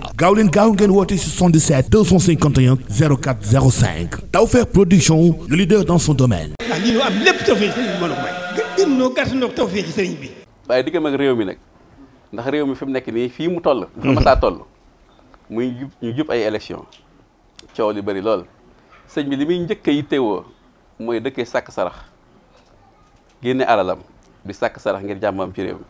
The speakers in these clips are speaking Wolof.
waaw gaaw leen gaaw ngeen woote 77 251 04 05 Tawfekh Production le leader dans son domaine. ah lii ñu am lépp tawfeex sëriñ bi mën sëriñ bi. waaye diggam ak réew mi nag ndax réew mi fi mu nekk nii fii mu toll. fa ma saa toll muy jub ñu jub ay élection coow li bari lool sëñ bi li muy njëkk a yittewoo mooy dëkkee sàkk sarax génne alalam di sàkk sarax ngir jàmmam ci réew mi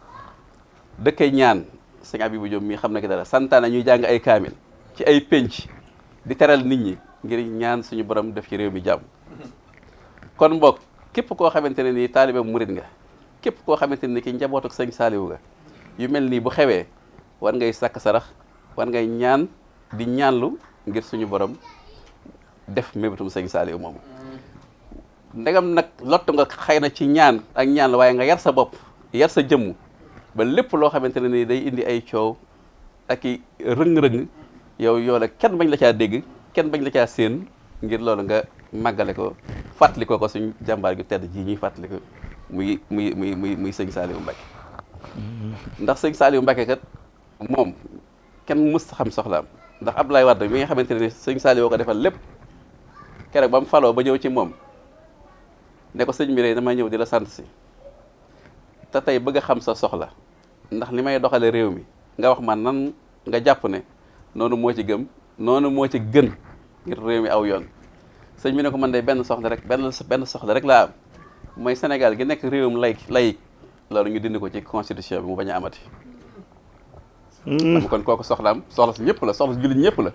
dëkkee ñaan. sëñ Abibou Diop mii xam na ki dara santaana ñuy jàng ay kaamil ci ay pénc di teral nit ñi ngir ñaan suñu borom def ci réew mi jàmm kon mbokk képp koo xamante ne nii taalibe murit nga képp koo xamante ni ki njaboot ak sëñ Saaliwu yu mel nii bu xewee war ngay sàkk sarax war ngay ñaan di ñaanlu ngir suñu borom def mébétum sëñ Saaliwu moomu ndegam nag lottu nga xëy na ci ñaan ak ñaan la waaye nga yar sa bopp yar sa jëmm ba lépp loo xamante ne nii day indi ay coow ak i rëng-rëng yow yoo kenn bañ la caa dégg kenn bañ la caa séen ngir loolu nga màggale ko fàttali ko ko suñ jàmbaar gi tedd ji ñuy fàttaliku muy muy muy muy muy sëñ Saliou Mbacke ndax sëñ Saliou Mbacke kat moom kenn mës xam soxlaam ndax Abdoulaye Wade mi nga xamante ne sëñ Saliou ko defal lépp keroog ba mu faloo ba ñëw ci moom ne ko sëñ bi dama ñëw di la sant si te tey bëgg xam sa soxla ndax li may doxale réew mi nga wax man nan nga jàpp ne noonu moo ci gëm noonu moo ci gën ngir réew mi aw yoon sëñ bi ne ko man de benn soxla rek benn benn soxla rek laa am mooy Sénégal gi nekk réewum lay loolu ñu dindi ko ci constitution bi mu bañ a amati. Hmm. kon kooku soxlaam soxla si ñëpp la soxla si jullit ñëpp la.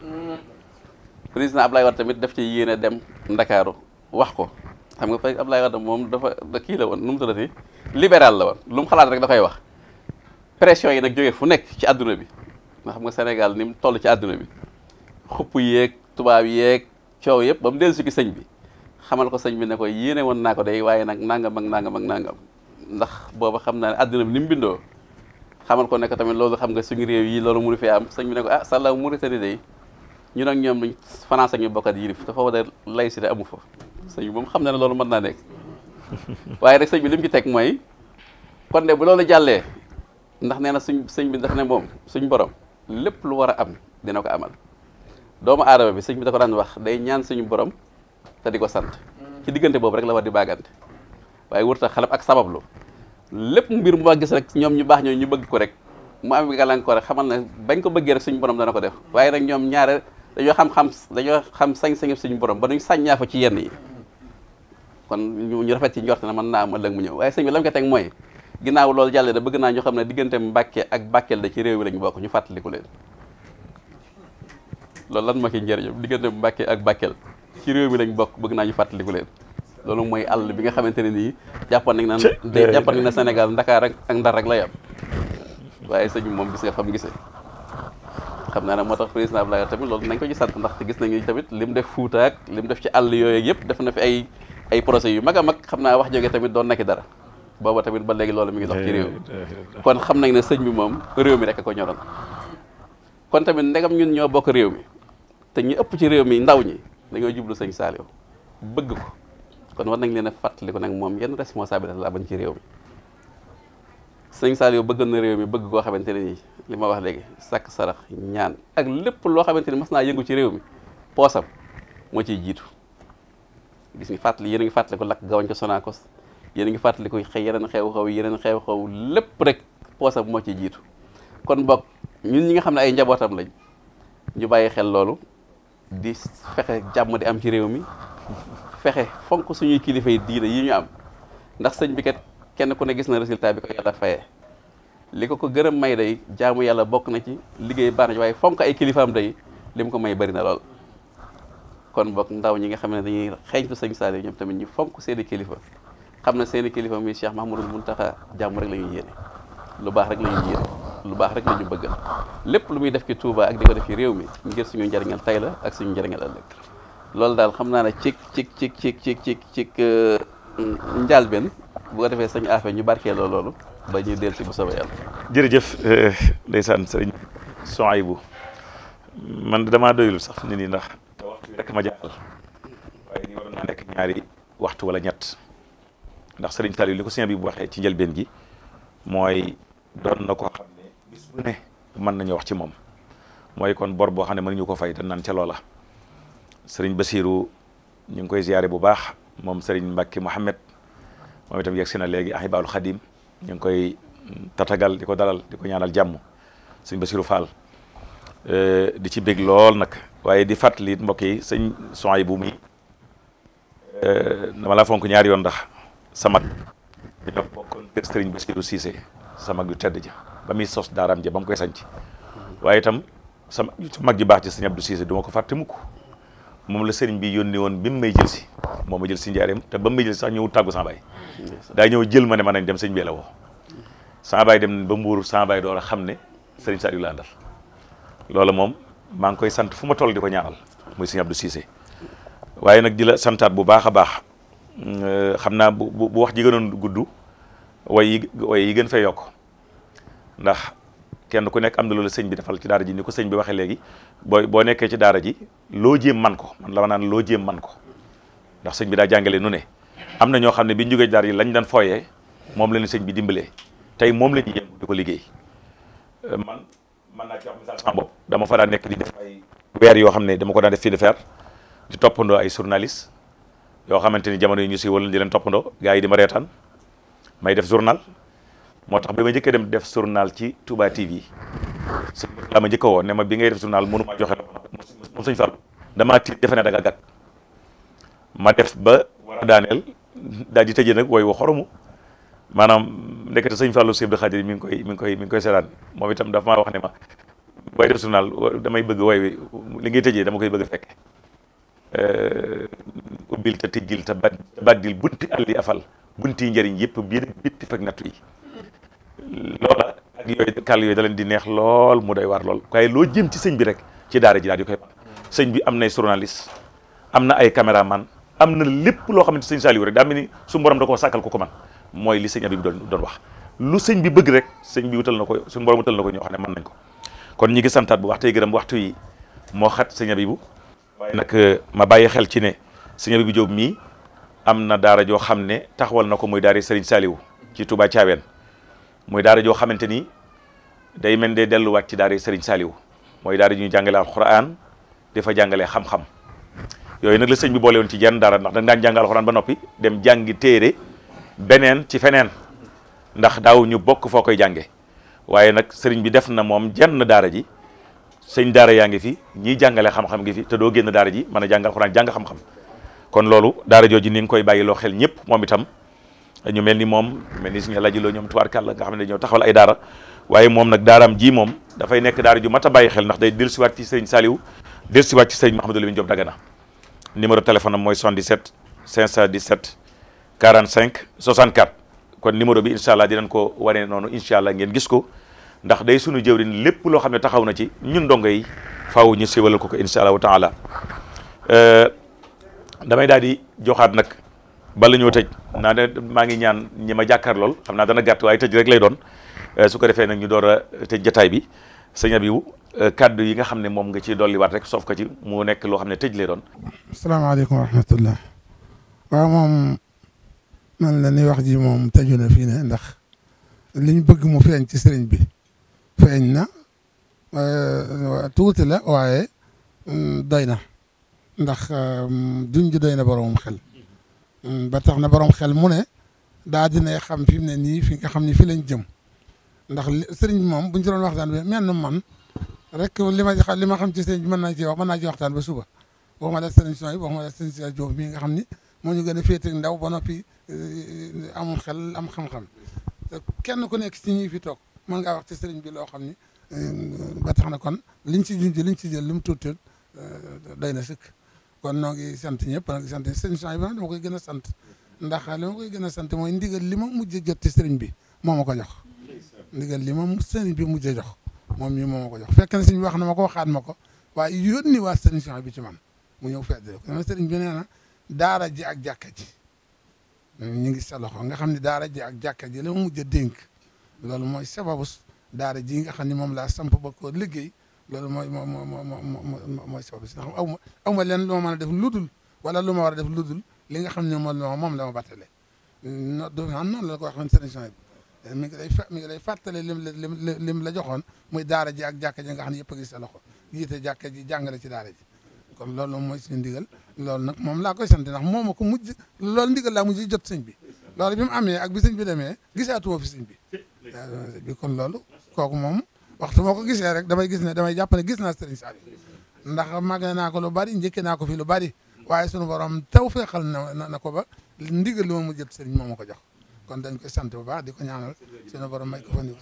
président Ablaye Wade tamit daf ci yéene dem Ndakaaru wax ko xam nga fay Ablaye Wade moom dafa kii la woon nu mu tuddati libéral la woon lu mu xalaat rek dafay wax. pression yi nag jógee fu nekk ci àdduna bi nga xam nga Sénégal ni mu toll ci àdduna bi xupp yéeg tubaab yeeg coow yëpp bam mu dellu si sëñ bi xamal ko sëñ bi ne ko yéene woon naa ko day waaye nag nangam ak nangam ak nangam ndax booba xam naa ne àdduna bi ni mu bindoo xamal ko ne tamit loolu xam nga suñu réew yi loolu mënu fi am sëñ bi ne ko ah sàlla Mauritanie day ñun ak ñu luñ France ak ñu bokkat yi te foofu da lay si de amu foofu sëñ bi moom xam na ne loolu mën naa nekk waaye rek sëñ bi teg mooy kon de bu loolu jàllee ndax nee na suñ sëñ bi daf ne moom suñ borom lépp lu war a am dina ko amal doomu aadama bi sëñ bi da ko daan wax day ñaan suñu borom te di ko sant ci diggante boobu rek la war di baagante waaye wërta xalam ak sabablu lépp mbir mu ma gis rek ñoom ñu baax ñooñu ñu bëgg ko rek mu am gàllankoor rek xamal bañ ko bëggee rek borom dana ko def waaye nag ñoom ñaare dañoo xam-xam dañoo xam sañ-sañu suñu borom ba duñ sàññaa fa ci yenn yi kon ñu rafet ci njort na mën naa am ëllëg mu ñëw waaye sëñ bi lam ko teg mooy ginnaaw loolu jàlle da bëgg naa ñu xam ne diggante Mbàkke ak Bakel da ci réew mi lañu bokk ñu fàttaliku leen loolu lan ma ki njëriñam diggante Mbàkke ak Bakel ci réew mi lañ bokk bëgg naa fàttaliku leen loolu mooy àll bi nga xamante ne nii jàppoon nañ na jàppoon na Sénégal Ndakaar ak ak Ndar rek la yam waaye sëñ moom gis nga fam gisee xam naa ne moo tax président Abdoulaye tamit loolu nañ ko ci sant ndax gis nañu tamit lim def Fuuta ak lim def ci àll yooyu yëpp def na fi ay ay projets yu mag a mag xam naa wax jege tamit doon na ki dara booba tamit ba léegi loolu mi ngi dox ci eh, réew mi eh, eh, kon xam nañ ne sëñ bi moom réew mi rek ko ñoral kon tamit ndegam ñun ñoo bokk réew mi te ñu ëpp ci réew mi ndaw ñi dañoo jublu sëñ Saliou bëgg ko kon war nañ leen a fàttaliku nag moom yenn responsabilité la ban ci réew mi sëñ Saliou bëgg na réew mi bëgg koo xamante ne li ma wax léegi sàkk sarax ñaan ak lépp loo xamante ni mas naa yëngu ci réew mi poosam moo ciy jiitu gis nga fàttali yéen a ngi fàttaliku lakk gawañ ko Sonacos yéen a ngi fàttaliku xëy yeneen xew-xew yeneen xew-xew lépp rek poosam moo ci jiitu kon bokk ñun ñi nga xam ne ay njabootam lañ ñu bàyyi xel loolu di fexe jàmm di am ci réew mi fexe fonk suñuy kilifa yi diine yi ñu am ndax sëñ bi kat kenn ku ne gis na résultat bi ko yàlla fayee li ko ko gërëm may day jaamu yàlla bokk na ci liggéey baax na ci waaye fonk ay kilifaam day li mu ko may bari na lool. kon bokk ndaw ñi nga xam ne dañuy xeeñtu sëñ Saliou ñoom tamit ñu fonk seeni kilifa. xam na seeni kilifa muy Cheikh Mahmoudul Muntaxa jàmm rek la ñuy yéene lu baax rek la yéene lu baax rek la ñu bëggal lépp lu muy def ci Touba ak di ko def ci réew mi ngir suñu njëriñal tey la ak suñu njëriñal ëllëg loolu daal xam naa ne cig cig cig cig cig cig cig euh, njàlbeen bu ko defee sañ affaire ñu barkeeloo loolu ba ñuy del si bu soobee yàlla jërëjëf euh, ndeysaan sëriñ Souhaïbou man dama doylu sax nit ñi ndax waxtu ma jàll waaye ni waroon waxtu wala ñett ndax Serigne Saliou li ko sëñ bi bu waxee ci njëlbeen gi mooy doon na ko xam ne bis ne mën nañu wax ci moom mooy kon bor boo xam ne mënuñu ko fay te naan ca loola sëriñ Bassirou ñu ngi koy ziyaare bu baax moom Serigne mbakki Mohamed moom itam yegg si na léegi ahibaalu xadim ñu ngi koy tatagal di ko dalal di ko ñaanal jàmm sëñ basiru Fall euh, di ci bég lool nag waaye di fàttali mbokk yi sëñ Sohaybu bu muy euh, dama laa fonk ñaari yoon ndax sama ñoo bokkoon kër Serigne Bassirou Cissé sama yu tedd ja ba muy sos daaraam ja ba mu koy sanc waaye itam sama mag ji baax ci Serigne Abdou Cissé du ma ko fàtte mukk moom la Serigne bi yónni woon bi mu may jël si moo ma jël si njaareem te ba mu may jël sax ñëw tàggu sama baay daa ñëw jël ma ne ma nañ dem sëñ bi la woo sama baay dem ba mbuur sama baay door a xam ne Serigne Saliou la àndal loolu moom maa ngi koy sant fu ma toll di ko ñaanal muy Serigne Abdou Cissé waaye nag di la santaat bu baax a baax Euh, xam naa bu bu wax ji gënoon gudd way yi gën fee yokk ndax kenn ku nekk am na loolu sëñ bi defal ci daara ji ni ko sëñ bi waxee léegi boo boo nekkee ci daara ji loo jëm man ko man la naan loo jéem man ko ndax sëñ bi daa jàngale nu ne am na ñoo xam ne bi ñu jógee ci lañ daan fooyee moom la sëñ bi dimbalee tey moom la ñuy yëngu di ko liggéey euh, man man naa ci wax dama fa daan nekk di ay weer yoo xam ne dama ko daan def fii de fer di toppandoo ay journaliste yoo xamante ni jamono yi ñu siiwal di leen toppandoo gars yi di ma reetaan may def journal moo tax ba ma njëkkee dem def journal ci Touba TV sëñ laa ma njëkk a ne ma bi ngay def journal joxe la moom sëñ Fall damaa tiit defe ne da nga ma def ba war a daaneel daal tëjee nag wooy wa xoromu maanaam ndekete sëñ Fallou Sèye Abdou Khadir mi ngi koy mi ngi koy mi ngi koy seetaan moom itam dafa maa wax ne ma booy def journal damay bëgg wooy wi li ngay tëjee dama koy bëgg a fekke euh, ubbil te tijjil ta baddil bunti àll yi afal bunti njëriñ yëpp biir bitti fekk nattu yi loola ak yooyu kàll yooyu da leen di neex lool mu doy waar lool waaye loo jëm ci sëñ bi rek ci daara ji daal koy sëñ bi am nay journaliste am na ay camera man am na lépp loo xamante sëñ Saliou rek daa mel ni su borom da sàkkal ko ko man mooy li sëñ Abib doon wax lu sëñ bi bëgg rek sëñ bi wutal na ko suñu borom wutal na ko ñoo xam ne mën nañ ko kon ñi ngi santaat bu waxtee gërëm waxtu yi moo xat sëñ Abibu waaye nag ma bàyyi xel ci ne sëñ Abibu Jóob mii am na daara joo xam ne taxawal na ko muy daara Serigne Saliou ci Touba Thiawène muy daara joo xamante ni day mel ne delluwaat ci daara sëriñ Saliou mooy daara ñuy jàngale alxuraan dafa jàngale xam yooyu nag la sëñ bi boole ci jenn daara ndax dañ daan jàng alxuraan ba noppi dem jàngi téere beneen ci feneen ndax daaw ñu bokk foo koy jànge waaye nag sëriñ bi def na moom jenn daara ji sëñ daara yaa ngi fi ñiy jàngale xam-xam ngi fi te doo génn daara ji mën a jàng alxuraan jàng xam-xam kon loolu daara jooju ni nga koy loo xel ñëpp moom itam ñu mel ni moom mel ni suñu laaj loo ñoom la nga xam ne ñoo taxawal ay daara waaye moom nag daaraam ji moom dafay nekk daara ju mat a bàyyi xel ndax day dellusiwaat ci sëriñ Saliou dellusiwaat ci sëriñ Mouhamadou Lamine Diop Dagana numéro téléphone am mooy 77 517 45 64 kon numéro bi incha allah dinañ ko wane noonu incha allah ngeen gis ko ndax dey suñu jëwriñ lépp loo xam ne taxaw na ci ñun yi faaw ñu siiwalal ko ko incha allahu taala euh, damay daal di joxaat nag bala ñoo tëj naa ne maa ngi ñaan ñi ma jàkkaar lool xam naa dana gàtt waaye tëj rek lay doon eh, su ko defee nag ñu door a tëj jataay bi sëñ Abibu eh, kaddu yi nga xam ne moom nga ciy dolliwaat rek soof ko ci mu nekk loo xam ne tëj lay doon. asalaamaaleykum wa rahmatullah waaw moom man la ni wax ji moom tëju na fii ne ndax liñ bëgg mu feeñ ci sëriñ bi feeñ na eh, tuuti la waaye mm, doy na. ndax junj euh, doy na borom xel mm, ba tax na borom xel mu ne daa dina xam fi mu ne nii fi nga xam ni fi lañ jëm ndax sëriñ bi moom bu ñu ci doon waxtaan bi mel na man rek li ma li ma xam ci sëriñ bi mën naa ci wax naa ci waxtaan ba suba boo la sëriñ Sooy waxuma la sëriñ Sooy Joob mii nga xam ni moo ñu gën a féete ndaw ba noppi euh, am xel am xam-xam kenn ku nekk si ñi fi toog mën ngaa wax ci sëriñ bi loo xam ni euh, batax na kon liñ ci junj liñ ci jël lu mu tuuti doy na sëkk kon noo ngi sant ñëpp noo ngi sant sëñ Souhaïbou nag dama koy gën a sant ndax li ma koy gën a sant mooy ndigal li ma mujj jot ci sëriñ bi moo ma ko jox ndigal li ma sëriñ bi mujj jox moom ñi moo ma ko jox fekk na sëriñ bi wax na ma ko waxaat ma ko waaye yónni waa sëriñ Souhaïbou ci man mu ñëw feddle ko dama sëriñ bi nee na daara ji ak jàkka ji ñu ngi sa loxo nga xam ne daara ji ak jàkka ji la ma mujj a dénk loolu mooy sababu daara ji nga xam ne moom laa samp ba ko liggéey loolu mooy moo moo moo moo mooy sabab si ndax aw ma aw ma leen lu mën a def ludul wala lu ma war a def ludul li nga xam ne moom moom la ma bàttale no do am noonu la ko wax man sëriñ bi mi ngi lay mi ngi lay fàttale lim lim lim la joxoon muy daara ji ak jàkka nga xam ne yëpp a gis loxo jiite jàkka ji jàngale ci daara ji kon loolu mooy suñu ndigal loolu nag moom laa koy sant ndax moom ma ko mujj loolu ndigal laa mujj jot sëñ bi loolu bi mu amee ak bi bi demee gisaatuma fi sëñ bi bi kon loolu kooku moom waxtu moo ko gisee rek damay gis ne damay jàpp ne gis naa Serigne Saliou ndax màgg naa ko lu bari njëkkee naa ko fi lu bari waaye sunu borom taw feexal na na ko ba ndigal li ma mu jël Serigne moom ma ko jox kon dañ koy sant bu baax di ko ñaanal sunu borom may ko fa ndiw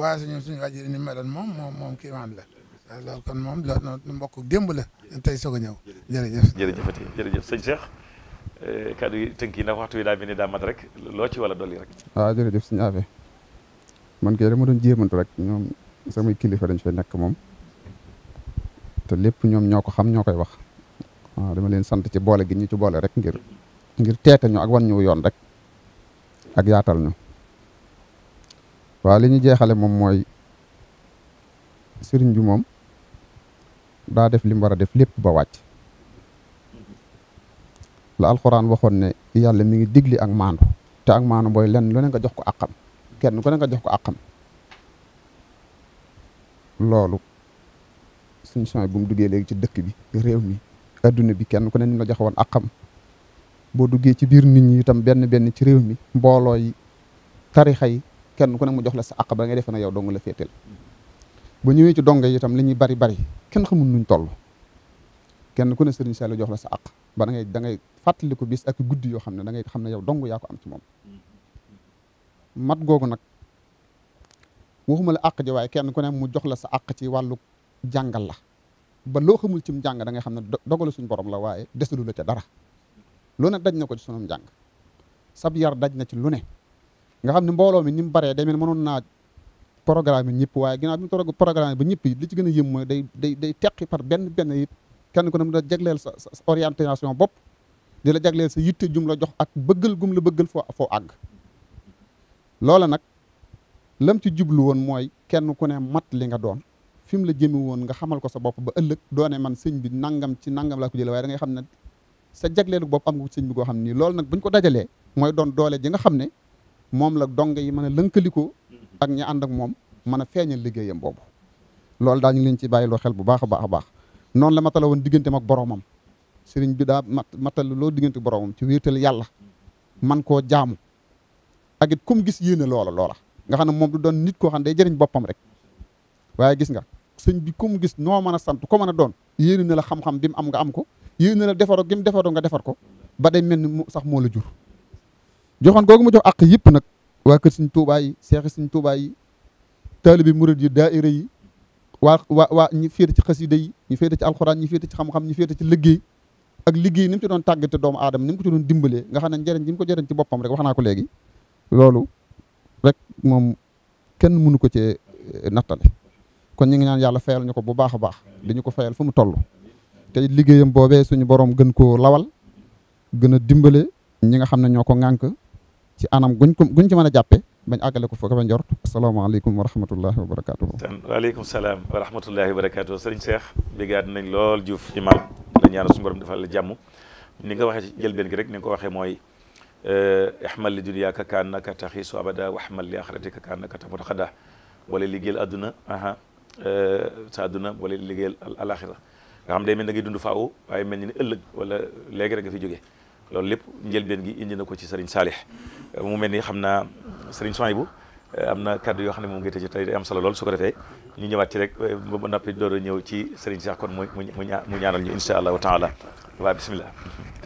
waaye suñu suñu wàjjiri moom moom moom kii maan la loolu kon moom loolu mbokk démb tey soog a ñëw jërëjëf jërëjëfati jërëjëf sëñ Cheikh eh, kaddu yi tënk yi ndax waxtu yi daa mel ni daa mat rek loo ci wala dolli rek waaw ah, jërëjëf sëñ Afe man kay dama doon jéemantu rek ñoom samay kilifa dañ fay nekk moom te lépp ñoom ñoo ko xam ñoo koy wax waaw dama leen sant ci boole gi ñu ci boole rek ngir ngir teete ñu ak wan ñu yoon rek ak yaatal ñu waaw li ñu jeexale moom mooy sëriñ bi moom daa def li mu war a def lépp ba wàcc la alxuraan waxoon ne yàlla mi ngi digli ak maandu te ak maandu booy lenn lu ne nga jox ko àqam kenn ku ne nga jox ko àqam loolu suñu changement bu mu duggee léegi ci dëkk bi réew mi adduna bi kenn ku ne ni la jox woon ak boo duggee ci biir nit ñi itam benn benn ci réew mi mbooloo yi tarixa yi kenn ku ne mu jox la sa àq ba nga defe na yow dong la féetal ba ñëwee ci donga yi itam li ñuy bari bari kenn xamul nuñ toll kenn ku ne sëriñ Saliou jox la sa àq ba da ngay da ngay fàttali ko bis ak guddi yoo xam ne da ngay xam ne yow dong yaa am ci moom mat googu nag waxuma la àq ji waaye kenn ku ne mu jox la sa àq ci wàllu jàngal la ba loo xamul ci mu jàng danga xam ne dogalu suñ borom la waaye desalu la ca dara lu ne daj na ko ci sunum jàng sab yar daj na ci lu ne nga xam ne mbooloo mi ni mu baree demee mënoon naa programme yi ñëpp waaye ginaa bi mu programme ba ñëpp yi li ci gën a yëm mooy day day day teqi par benn benn it kenn ku ne mu la jagleel sa orientation bopp di la jagleel sa yitte jum la jox ak bëggal gum la bëggal foo foo àgg nag lam ci jublu woon mooy kenn ku ne mat li nga doon fi mu la jëme woon nga xamal ko sa bopp ba ëllëg doone man sëñ bi nangam ci nangam laa ko jëlee waaye da ngay xam ne sa jagleelu bopp am nga sëñ bi koo xam nii loolu nag ba buñ ko dajalee mooy doon doole ji nga xam ne moom la dong yi mën a lënkalikoo ak ñi ànd ak moom mën a feeñal liggéeyam boobu loolu daal ñu ngi leen ci bàyyiloo xel bu baax a baax a baax noonu la matala woon digganteem ak boromam sëriñ bi daa mat matal loo diggante boromam ci wéetal yàlla man koo jaamu ak it gis yéene loola loola nga xam ne moom du doon nit koo xam ne day jëriñ boppam rek waaye gis nga sëñ bi ku mu gis noo mën a sant ko mën a doon yéene na la xam-xam bi mu am nga am ko yéene na la defaroo gi mu defaroo nga defar ko ba day mel ni mu sax moo la jur joxoon googu mu jox àq yëpp nag waa kër sëñ Tuubaa yi seexi sëñ Tuubaa yi taalibi murid yi daayira yi waa waa waa ñu féete ci xasida yi ñu féete ci alxuraan ñu féete ci xam-xam ñu féete ci liggéey ak liggéey ni mu ci doon tàggate doomu aadama ni mu ko ci doon dimbale nga xa ne njëriñ gi mu ko jëriñ ci boppam rek wax naa ko léegi loolu rek moom kenn mënu ko cee eh, nattale kon ñu ngi ñaan yàlla fayal ñu ko bu baax a baax dañu ko fayal fu mu toll te liggéeyam boobee suñu borom gën koo lawal gën a dimbale ñi nga xam ne ñoo ko ŋànk ci anam guñ ko guñ ci mën a jàppe bañ agale ko fa ba njort asalaamaaleykum wa rahmatullahi wa barakaatu. waaleykum salaam wa rahmatullahi wa barakaatu sëriñ Cheikh béggaat nañ lool i ma la ñaan suñu borom defal la ni nga waxee ci jëlbeen gi rek ni nga ko waxee mooy Eh, ihmal li dunyaaka kaan naka taxiisu abada wa ahmal li axiratika kaan naka tamut xada wala liggéeyal adduna aha eh, sa adduna wala liggéeyal alaxira nga xam day mel da ngay dund faaw waaye mel ni ne ëllëg wala léegi rek nga fi jógee loolu lépp njëlbeen gi indi na ko ci Serigne Salih eh, mu mel ni xam naa Serigne bu am na kaddu yoo xam ne moom ngay tëj tey day am solo lool su ko defee ñu ñëwaat ci rek ba noppi door a ñëw ci Serigne Cheikh kon mu mu ñaanal ñu incha allahu taala waa bisimilah.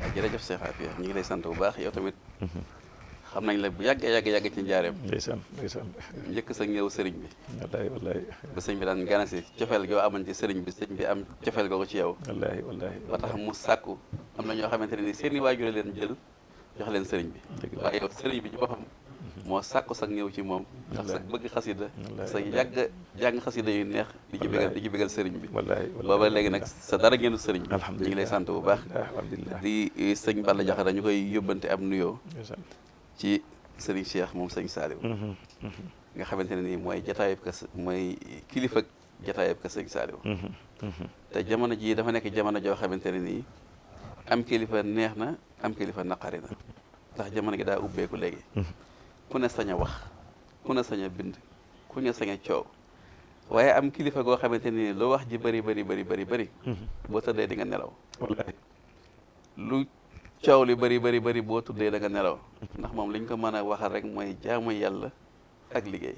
waaw jërëjëf Cheikh Afia ñu ngi lay sant bu baax yow tamit. Mhm. xam nañ la bu yàgg yàgg yàgg ci njaareem. ndeysaan ndeysaan. njëkk sa ñëw sëriñ bi. wallahi wallahi. ba sëriñ bi daan ganasi cofeel goo amoon sëriñ bi sëriñ bi am cofeel googu ci yow. wallahi wallahi. ba tax mu sàkku am na ñoo xamante ne ni seen i waajur leen jël yox leen sëriñ bi. waaye yow sëriñ bi ci boppam moo sàkku sax ñëw ci moom ndax sax bëgg xasida sa yàgg jàng xasida yu neex di ci bégal di ci bégal sëriñ bi booba léegi nag sa dara génn sëriñ bi ñu ngi lay sant bu baax di sëñ Balla Diakhara ñu koy yóbbante am nuyoo ci sëriñ Cheikh moom sëñ Saliou mm-hmm, mm-hmm. nga xamante ne nii mooy jataayub ka mooy kilifa jataayub ka sëñ Saliou mm-hmm, te jamono ji dafa nekk jamono joo xamante ne nii am kilifa neex na am kilifa naqari na ndax jamono gi daa ubbeeku léegi ku ne sañ a wax ku ne sañ a bind ku ne sañ a coow waaye am kilifa goo xamante ni lu wax ji bëri bëri bëri bëri bëri mhm. boo tëddee di nga nelaw lu coow li bëri bëri boo tuddee da nelaw ndax moom liñ ko mën a waxal rek mooy jaamu yàlla ak liggéey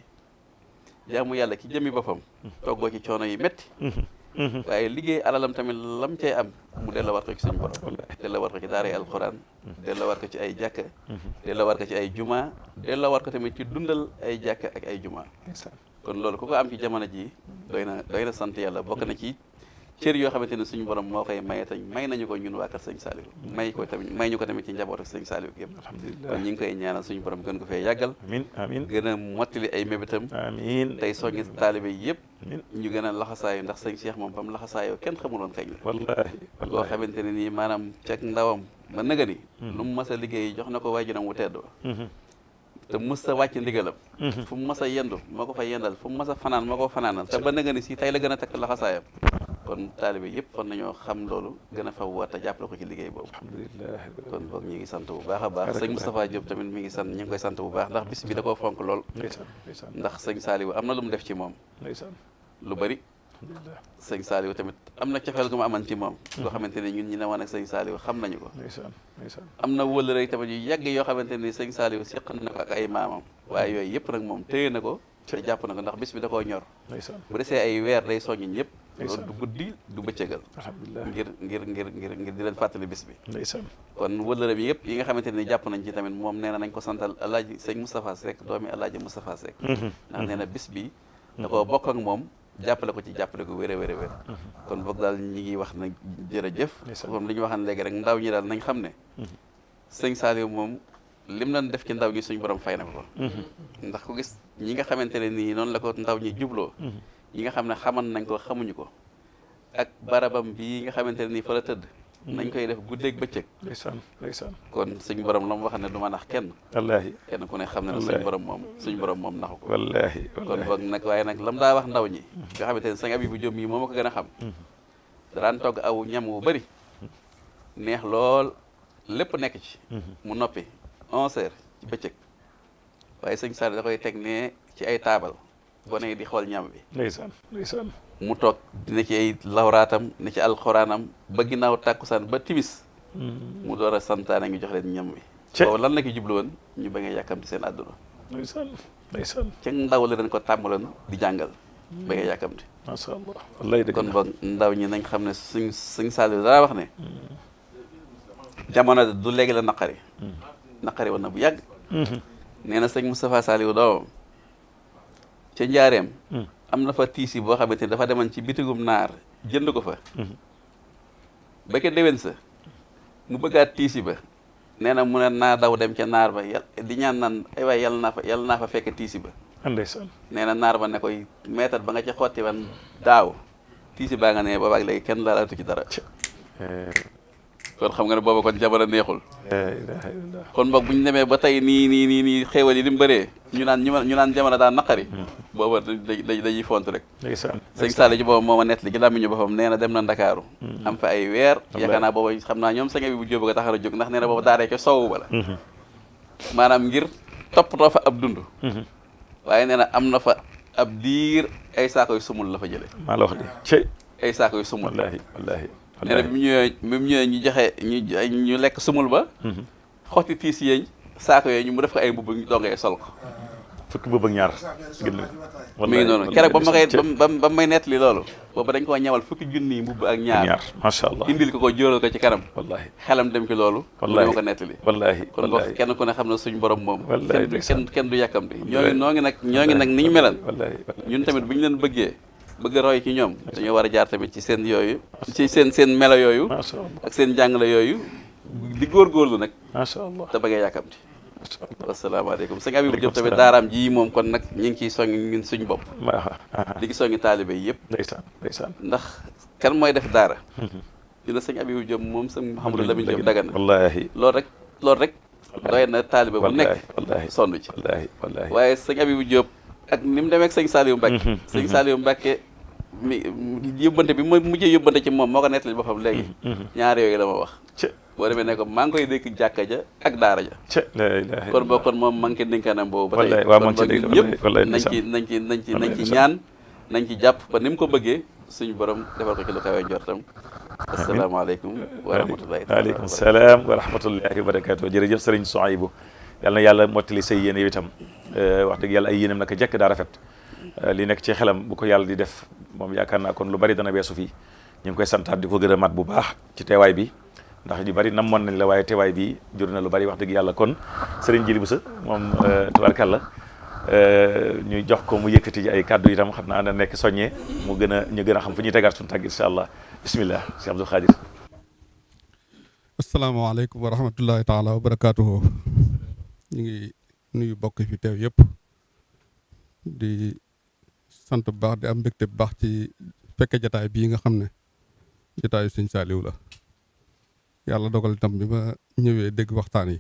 jaamu yàlla ci jëmi boppam mhm. toggoo ci coono yi metti mhm. Mm-hmm. waaye liggéey alalam tamit lam cay am mu delluwaat ko ci suñu borom delluwaat ko ci daaray mm-hmm. ci ay jàkka mm-hmm. delluwaat ko ci ay juma delluwaat ko tamit ci dundal ay jàkka ay juma kon loolu ku ko am ci jamono ji doy na doy na sant yàlla bokk na ci cër yoo xamante ne suñu borom moo koy maye tañ may nañu ko ñun waa kër sëñ may ko tamit may ñu ko tamit ci njaboot ak sëñ Saliou yëpp alhamdulilah kon ñu ngi koy ñaanal suñu borom gën ko fee yàggal amiin amiin gën a mottali ay mébétam amiin tey soññi taalibe yëpp ñu gën a laxasaayu ndax sëñ Cheikh moom fam laxasaayoo kenn xamuloon kañ la wallaahi loo xamante ne nii maanaam ceg ndawam ba nëga ni hmm. lu mu mas a liggéey jox na ko waajuram wu tedd hmm. te mës a wàcc ndigalam fu mu a yendu moo ko fa yendal fu mu a fanaan moo ko fanaanal te ba nga ni si tey la gën a takk laxasaayam kon taalibe yëpp war nañoo xam loolu gën a faw waat jàppale ko ci liggéey boobu kon boog ñu ngi sant bu baax a baax sëñ Moustapha Diop tamit mi ngi sant ñu ngi koy sant bu baax ndax bis bi da koo fonk lool ndax sëñ Saliou am na lu mu def ci moom lu bari sëñ Saliou tamit am na cofeel gu ma aman ci moom loo mm-hmm. xamante ni ñu ñi ne woon ak sëñ Saliou xam nañu ko am na wëllëre tamit yu yàgg yoo xamante ni sëñ Saliou seq na ko ak ay maamam waaye yooyu yëpp nag moom téye na ko te jàpp na ko ndax bis bi da koo ñor bu desee ay weer day soññ ñëpp loolu du guddi du bëccëgal ngir ngir ngir ngir ngir di leen fàttali bis bi kon wëllëre bi yëpp yi nga xamante ni jàpp nañ ci tamit moom nee na nañ ko santal alaaji sëñ Moustapha Seck doomi alaaji Moustapha Seck mm-hmm. ndax nee bis bi mm-hmm. da koo bokk moom jàppale ko ci jàppale ko wér a wér a wér mhm. kon boog daal ñi ngi wax nag jërëjëf comme li ñu waxaan léegi rek ndaw ñi daal nañ xam ne mhm. sëñ Saliou moom lim doon def ci ndaw ñi suñ borom fay na ko mhm. ndax ku gis ñi nga xamante ne nii noonu la ndaw ñi jubloo ñi nga xam ne xaman nañ ko xamuñu ko ak barabam bii nga xamante ne nii fa la tëdd nañ koy def guddeeg bëccëg ndeysaan ndeysaan kon suñ borom la mu wax ne du ma nax kenn wallaahi kenn ku ne xam ne ne suñ borom moom suñ borom moom naxu ko wallaahi kon boog nag waaye nag lam daa wax ndaw ñi nga xamante ne sañ abi bu jëm yi moo ma ko gën a xam daraan togg aw ñam wu bëri neex lool lépp nekk ci mu noppi onze heures ci bëccëg waaye sëñ Sall da koy teg ne ci ay taabal gone yi di xool ñam bi ndeysaan ndeysaan mu toog dina ci ay lawraatam ne ci alxuraanam ba ginnaaw tàkkusaan ba timis hmm. mu door a santaane ngi jox leen ñam wi boobu lan la ki ñu ba nga seen àdduna ndaw la dañ ko tàmbaloon di jàngal hmm. ba nga yàkkamti kon boog ndaw ñi nañ xam ne suñ suñ saali dara wax ne hmm. jamono du léegi la naqari naqari woon na bu yàgg nee na sëñ Moustapha Saliou doomam ca njaareem am na fa tiis boo xamante ni dafa demoon ci bitigum naar jënd ko fa mhm. ba ke déwén sa mu bëggaat tiis yi ba nee na mu ne daw dem ca naar ba yal di ñaan naan yal naa fa naa fa fekk tiisi ba ndeysaan nee na naar ba ne koy meetar ba nga ci xotti ban daaw tiisi baa nga ne boobaag léegi kenn laalatu ci dara kon xam nga ne booba kon jabara neexul kon mbokk bu ñu demee ba tey ni ni ni nii xéewal yi li mu bëree ñu naan ñu naan jamono daan naqari hmm. booba dañuy dañuy font rek sëñ Sall ci booba mooma nett li ci làmmiñu boppam nee na dem na Ndakaaru hmm. am fa ay weer yaakaar naa booba xam naa ñoom sanga bi bu jóob ko taxara jóg ndax nee na booba daaree ca sowu ba hmm. maanaam ngir toppatoo fa ab dund waaye nee na am na fa ab diir ay saako yu sumul la fa jële maa la wax de ay sumul nee na bi mu ñëwee bi ñu joxe ñu ñu lekk sumul ba mhm. xotti tiis yeeñ saako ñu mu def ko ay mbubb ñu dongee sol ko fukki mbubb ak ñaar mi ngi noonu keroog ba ma koy ba ba may nettali loolu boobu dañ koo ñawal fukki junni mbubb ak ñaar macha allah indil ko ko jóoral ko ci kanam wallahi xelam dem ci loolu wallahi ma ko nettali wallahi kon nga kenn ku ne xam na suñ borom moom kenn kenn du yàkkamti ñoo noo nag ñoo ngi nag ni ñu melan ñun tamit bu ñu leen bëggee bëgg roy ci ñoom dañoo war a jaar tamit ci seen yooyu ci seen seen melo yooyu ak seen jàngale yooyu di góorgóorlu nag macha allah te bëggee yàkkamti asalaamaaleykum sëñ Habib Diop tamit daaraam ji moom kon nag ñu ngi ciy songi ñun suñ bopp di ci songi taalibe yi yëpp ndeysaan ndeysaan ndax kan mooy def daara mhm. ñu ne sëñ Habib Diop moom sëñ Mouhamadou Lamine Diop Dagana wallaahi loolu rek lool rek doy na taalibe bu nekk sonn ci wallaahi wallaahi waaye sëñ Habib ak ni mu demee ak sëñ Saliou Mbacke mhm, sëñ mhm. Saliou Mbacke mi yóbbante bi mooy mujjee yóbbante ci moom moo ko nettali boppam léegi. Mm-hmm. Mm-hmm. ñaar yooyu la ma wax. boo demee ne ko maa ngi koy dëkk jàkka ja ak daara ja kon boo kon moom maa ngi ci dénkaanam boobu ba tey kon boog ñun ñëpp nañ ci nañ ci nañ ci nañ ci ñaan nañ ci jàpp ba ni mu ko bëggee suñu borom defal ko ci lu kawee njortam asalaamaaleykum wa rahmatullahi waaleykum salaam wa rahmatullahi wa barakatuh jërëjëf sëriñ Souhaïbou yal na yàlla mottali say yéene yow itam eh, wax dëgg yàlla yéenam naka jekk daa rafet Euh, li nekk ci xelam bu ko yàlla di def moom yaakaar naa kon lu bari dana weesu fii ñu ngi koy santaat di ko gën a mat bu baax ci teewaay bi ndax ñu bari namoon nañ la waaye teewaay bi jur na lu bari wax dëgg yàlla kon sëriñ Jili Busa moom euh, tubaarkàlla euh, ñu jox ko mu yëkkati ay kàddu yi itam xam naa na nekk soññee mu gën a ñu gën xam fu ñuy tegaat suñu tàgg incha allah bisimilah si Abdul Xaadir asalaamaaleykum wa rahmatullahi taala wa barakaatuhu ñu ngi nuyu bokk yëpp di sant bu baax di am mbégte bu baax ci fekk jataay bii nga xam ne jataayu suñ Saaliw la yàlla dogal itam bi ma ñëwee dégg waxtaan yi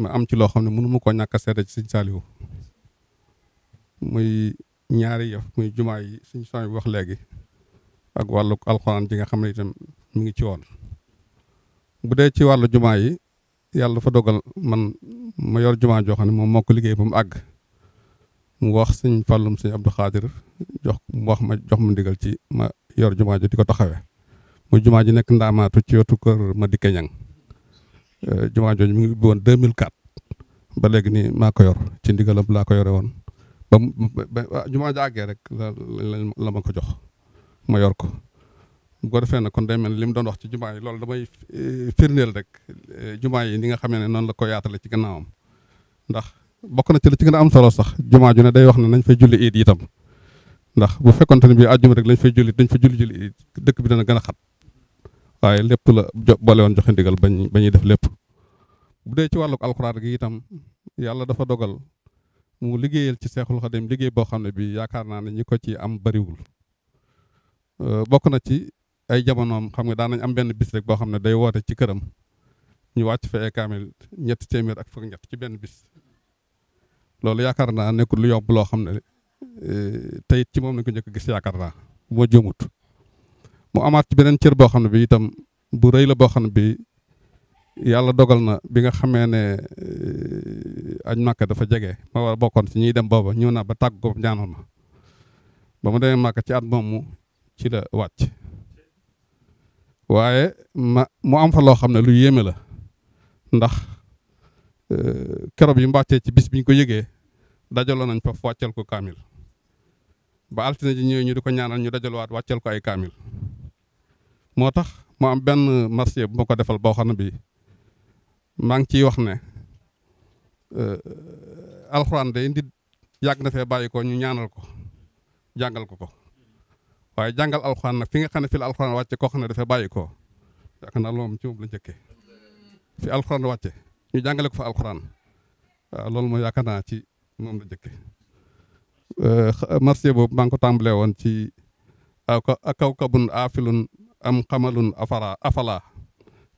ma am ci loo xam ne mënu ma koo ñàkk a ci sëñ Saaliw muy ñaari yëf muy jumaa yi suñu sang bi wax léegi ak wàllu alxuraan ji nga xam ne itam mu ngi ci woon bu dee ci wàllu jumaa yi yàlla dafa dogal man ma yor jumaa joo xam ne moom mokk liggéey ba mu àgg mu wax sëñ Fallum sëñ Abdou Khadir jox mu wax ma jox ma ndigal ci ma yor jumaa ji di ko taxawee mu jumaa ji nekk ndaamaatu ci wetu kër Madické euh, jumaa jooju mu ngi ubbi woon 2004 ba léegi nii maa ko yor ci ndigalam laa ko yore woon ba jumaa ji àggee rek la la ma ko jox ma yor ko. bu defee nag kon day mel ni li mu doon wax ci jumaa yi loolu damay euh, firndeel rek euh, jumaa yi ni nga xamee ne noonu la ko yaatale ci gannaawam ndax bokk na ci li ci gën a am solo sax jumaa ju ne day wax ne nañ fay julli iid itam ndax bu fekkonte ni bii àjjuma rek lañ fay julli dañ fa julli julli iid dëkk bi dana gën a xat waaye lépp la boole woon joxe ndigal bañ ba ñuy def lépp bu dee ci wàllu alxuraan gi itam yàlla dafa dogal mu liggéeyal ci seexul xadim liggéey boo xam ne bii yaakaar naa ne ñi ko ci am bariwul euh, bokk na ci ay jamonoom xam nga daan nañ am benn bis rek boo xam ne day woote ci këram ñu wàcc fa ay ñetti téeméer ak fukk ci benn bis loolu yaakaar naa nekkul lu yomb loo xam ne e, tey ci moom lañ ko njëkk a gis yaakaar naa moo jëmut mu amaat beneen cër boo xam ne bi itam bu rëy la boo xam ne bi yàlla dogal na bi nga xamee ne e, aj màkk dafa jege ma war a bokkoon si ñuy dem booba ñëw naa ba tàggu ko ñaanoon na ba mu demee màkk ci at moomu ci la wàcc waaye ma mu am fa loo xam ne lu yéeme la ndax Euh, keroog bi mu wàccee ci bis bi ñu ko yégee dajaloo nañ fa wàccal ko kaamil ba altine ji ñëwee ñu di ko ñaanal ñu dajalowaat wàccal ko ay kaamil moo tax mu am benn marché bu ma ko defal boo xam ne bii maa ngi ciy wax ne euh, alxuraan day ndi yàgg na fee bàyyi ko ñu ñaanal ko jàngal ko ko waaye jàngal alxuraan nag fi nga xam ne fi la alxuraan wàcce koo xam ne dafay bàyyi ko yaakaar naa loolu ci moom la njëkkee fi alxuraan wàcce ñu jàngale ko fa alxuraan waaw loolu mooy yaakaar naa ci moom la jëkk euh, marché boobu maa ngi ko tàmbalee woon ci kaw kabun aafilun am xamalun afara afala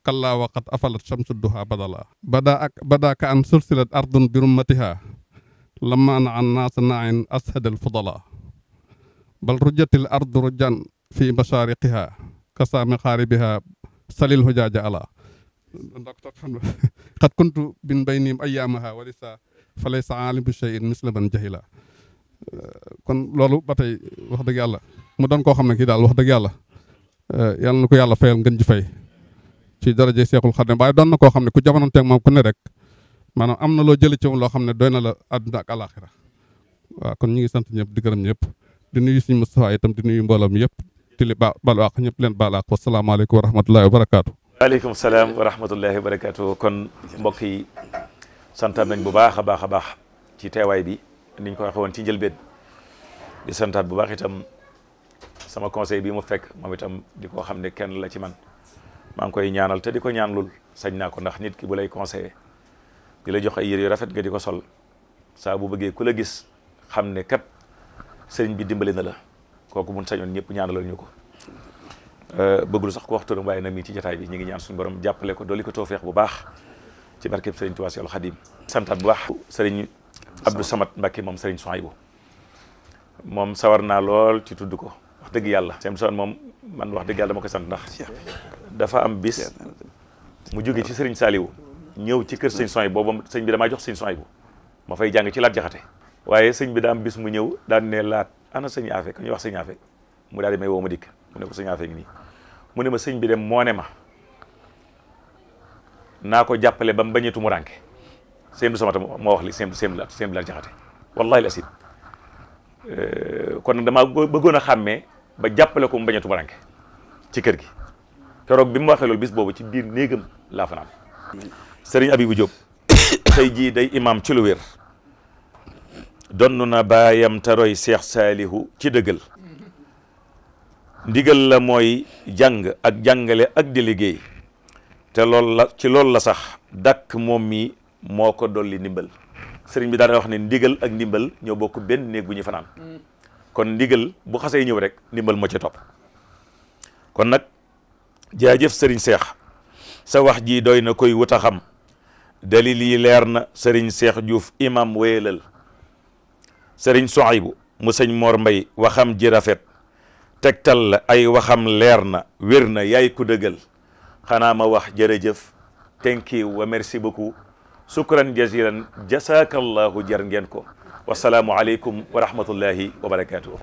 kalla waqat afalat shamsu duha badala bada ak bada ka an sulsilat ardun bi rummatiha lamma na an naasa naain ashadal fudala bal rujatil ardu rujan fi mashaariqiha kasaami xaaribiha salil hujaaja ala ndax toog fan ba xat kuntu bin bay niim ay yaamaha wala sa falay sa alim bi shay in misla man jahila kon loolu ba tey wax dëgg yàlla mu doon koo xam ne kii daal wax dëgg yàlla yàlla na ko yàlla fayal ngeen ji fay ci dara daraje Seexul ne waaye doon na koo xam ne ku jamono teeg moom ku ne rek maanaam am na loo jëlee ci moom loo xam ne doy na la àdduna ak alaxira waaw kon ñu ngi sant ñëpp di gërëm ñëpp di nuyu suñu Moustapha itam di nuyu mbooloom yëpp di li ba baal waax ñëpp leen baal waax wasalaamaaleykum wa rahmatullahi wa aleykum salaam wa rahmatullahi wa barakaatu kon mbokk yi santaat nañ bu baax a baax a baax ci teewaay bi niñ ko waxee ci njëlbeen di santaat bu baax itam sama conseil bi mu fekk moom itam di ko xam ne kenn la ci man maa ngi koy ñaanal te di ko ñaanlul sañ naa ko ndax nit ki bu lay conseillé di la jox ay yére yu rafet nga di ko sol saa bu bëggee ku la gis xam ne kat sëriñ bi dimbali na la kooku mun sañoon ñëpp ñaanalal ñu ko Euh, bëggul sax ko wax turam waaye na mii ci jataay bi ñu ngi ñaan suñu borom jàppale ko dolli ko toofeex bu baax ci barkeb sëriñ Tuubaa Seexul Xadiim santaat bu baax sëriñ Abdou Samad Mbacke moom sëriñ Souhaïbou moom sawar naa lool ci tudd ko wax dëgg yàlla seen son moom man wax dëgg yàlla dama ko sant dafa am bis mu jóge ci sëriñ Saliou ñëw ci kër sëñ Souhaïbou boobu sëñ bi damaa jox sëñ Souhaïbou ma fay jàng ci laat jaxate waaye sëñ bi daa am bis mu ñëw daan ne laat ana sëñ Afe ka ñu wax sëñ Afe mu daal di may woo ma dikk mu ne ko sëñ Afe ngi nii mu ne ma sëñ bi dem moo ma naa ko jàppale ba mu bañeetu mu rànke sëñ bi samata wax li sëñ sëñ la sëñ bi la jaxate wallahi la euh, kon nag damaa bëggoon a xàmmee ba jàppale ko mu bañeetu ci kër gi keroog bi mu waxee loolu bis boobu ci biir néegam laa fanaan sëriñ Abibou Diop tey jii day imam ci lu wér donn na baayam taroy Cheikh Saalihu ci dëggal ndigal la mooy jàng ak jàngale ak di liggéey te loolu la ci loolu la sax dàkk moom mi moo ko dolli ndimbal sëriñ bi daana wax ne ndigal ak ndimbal ñoo bokk benn néeg bu ñu fanaan kon ndigal bu xasee ñëw rek ndimbal moo ci topp kon nag jaajëf sëriñ seex sa wax ji doy na koy wut a xam dalil yi leer na sëriñ seex juuf imam wéyalal sëriñ bu mu sëñ moor mbay waxam ji rafet tegtal la ay waxam leer na wér na yaay ma wax jërëjëf thank you wa merci beaucoup sukran jaziran jasakallahu jar ngeen ko wasalaamu aleykum wa wa barakatuh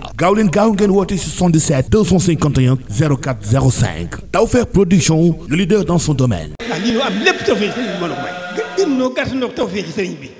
Sénégal gaaw leen gaaw ngeen woote 77 251 04 05 Tawfekh Production le leader dans son domaine. ah am lépp tawfeex ci sëriñ bi mën a may. gën noo gàtt noo tawfeex ci sëriñ bi.